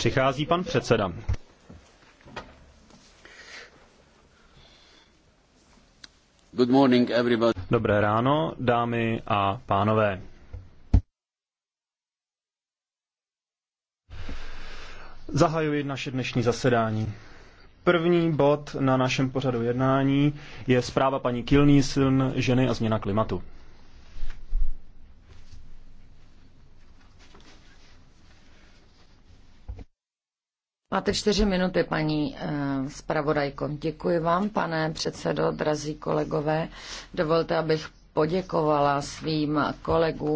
Přichází pan předseda. Good morning, everybody. Dobré ráno, dámy a pánové. Zahajuji naše dnešní zasedání. První bod na našem pořadu jednání je zpráva paní Kilnísiln, ženy a změna klimatu. Máte čtyři minuty, paní eh, zpravodajko. Děkuji vám, pane předsedo, drazí kolegové. Dovolte, abych poděkovala svým kolegům.